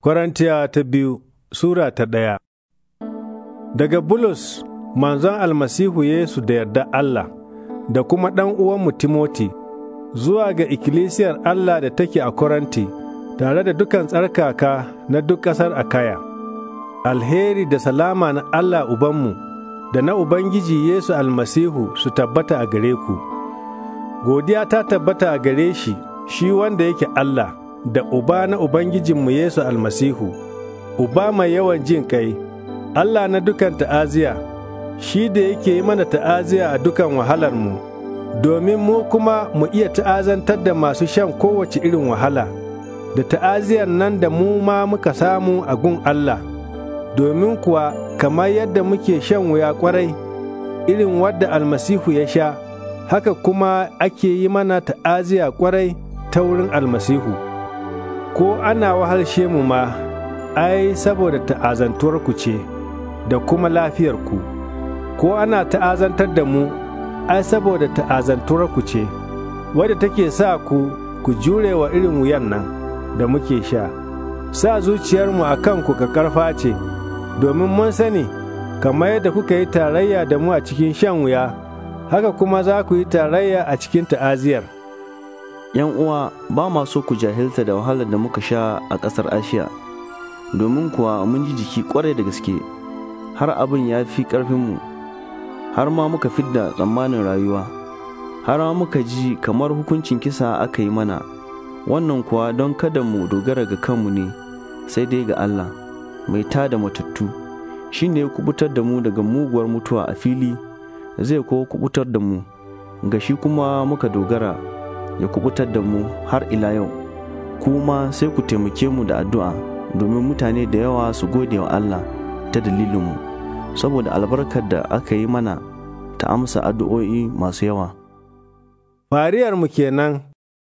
Korintiya ta biyu Sura ta ɗaya Daga Bulus, manzon almasihu Yesu da yarda Allah, da kuma ɗan uwanmu Timoti, zuwa ga ikkilisiyar Allah da take a kwaranti tare da dukan tsarkaka na duk ƙasar Akaya. Alheri da salama na Allah Ubanmu, da na Ubangiji Yesu almasihu su tabbata a gare ku. Godiya ta tabbata a gare shi, shi wanda yake Allah. da Uba na Ubangijinmu Yesu almasihu, Uba mai yawan jin kai, Allah na dukan ta'aziya, shi da yake yi mana ta'aziya a dukan wahalarmu, domin mu kuma mu iya ta'azantar da masu shan kowace irin wahala, da ta'aziyar nan da mu ma muka samu a gun Allah, domin kuwa kamar yadda muke shan wuya kwarai, irin wadda almasihu ya sha, haka kuma ake yi mana ta'aziya kwarai ta wurin almasihu. ko ana wahalshe mu ma ai saboda ta'azantuwarku ce da kuma lafiyar ku. ko ana ta'azantar da mu ai saboda ta'azantuwarku ce wadda take sa ku ku jure wa irin wuyan nan da muke sha sa zuciyarmu a kanku ka karfa ce domin mun sani kamar yadda kuka yi tarayya da mu a cikin shan wuya haka kuma za ku yi tarayya a cikin ta'aziyar. yan uwa ba ma so ku jahilta da wahalar da muka sha a ƙasar asiya domin kuwa mun ji jiki kwarai da gaske har abin ya fi ƙarfinmu har ma muka fidda tsammanin rayuwa har ma muka ji kamar hukuncin kisa aka yi mana wannan kuwa don kada mu dogara ga kanmu ne sai dai ga allah mai tada matattu shi ne kubutar da mu daga muguwar mutuwa a fili zai kuwa kubutar da mu ga shi kuma muka dogara ya kubutar da mu har ila yau kuma sai ku taimake mu da addu'a domin mutane da yawa su gode wa Allah ta dalilinmu saboda albarkar da aka yi mana ta amsa addu'o'i masu yawa. fariyar Fariyarmu kenan,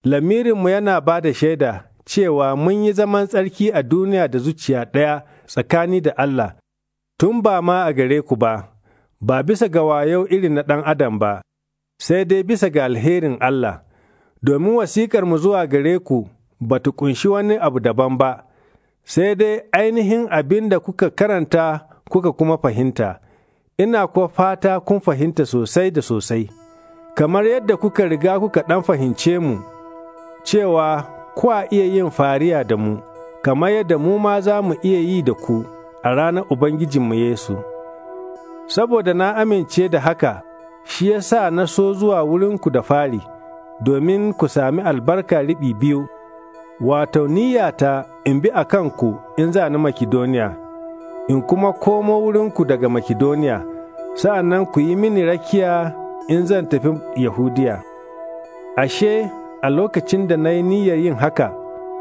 lamirinmu yana ba da shaida cewa mun yi zaman tsarki a duniya da zuciya ɗaya tsakani da Allah, tun ba ma a gare ku ba, ba bisa ga wayo irin na ɗan adam ba, sai dai bisa ga alherin Allah. domin mu zuwa gare ku ba ta ƙunshi wani abu daban ba, sai dai ainihin abin da kuka karanta kuka kuma fahimta, ina kuwa fata kun fahimta sosai da sosai, kamar yadda kuka riga kuka ɗan fahimce mu, cewa kuwa iya yin fariya da mu, kamar yadda mu ma za mu iya yi da ku a ranar Ubangijinmu Yesu. Saboda na amince da haka, shi ya sa na so zuwa wurinku da fari. domin ku sami albarka riɓi biyu, wato niyyata in bi a kanku in za ni Makidoniya, in kuma komo wurinku daga Makidoniya, sa'an nan ku yi mini rakiya in zan tafi Yahudiya. Ashe, a lokacin da na yi niyyar yin haka,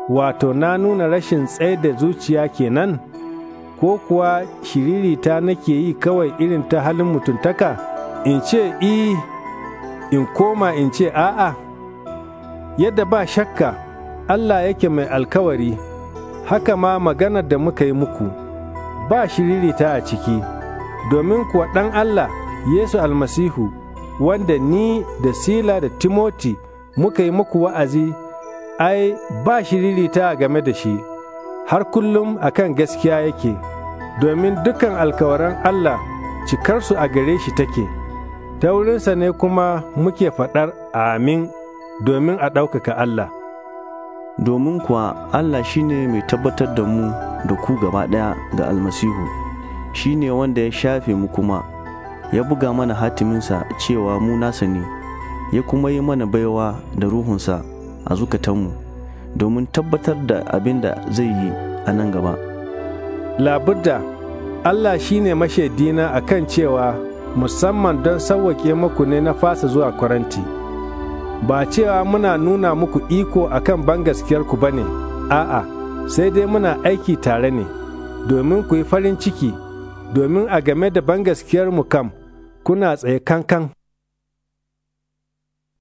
wato na nuna rashin tsaye da zuciya kenan, ko kuwa shiririta nake yi kawai irin ta halin mutuntaka, in ce, I, in koma in ce, A'a. yadda ba shakka Allah yake mai alkawari, haka ma maganar da muka yi muku, ba shiririta a ciki, domin kuwa ɗan Allah Yesu almasihu, wanda ni da Sila da Timoti muka yi muku wa'azi, ai, ba shiririta game da shi, har kullum a kan gaskiya yake, domin dukan alkawaran Allah cikarsu a gare shi take, ta wurinsa ne kuma muke faɗar amin. domin a ɗaukaka Allah. Domin kuwa Allah shi ne mai tabbatar da mu da ku gaba ɗaya ga almasihu, shi ne wanda ya shafe mu kuma, ya buga mana hatiminsa cewa mu nasa ne, ya kuma yi mana baiwa da ruhunsa a zukatanmu, domin tabbatar da abin da zai yi a nan gaba. Labudda, Allah shi ne mashaidina a kan cewa musamman don sauwake maku ne na fasa zuwa kwaranti. ba cewa muna nuna muku iko a kan bangaskiyarku ba ne, a'a, sai dai muna aiki tare ne, domin ku yi farin ciki, domin a game da bangaskiyarmu kam, kuna tsaye kankan.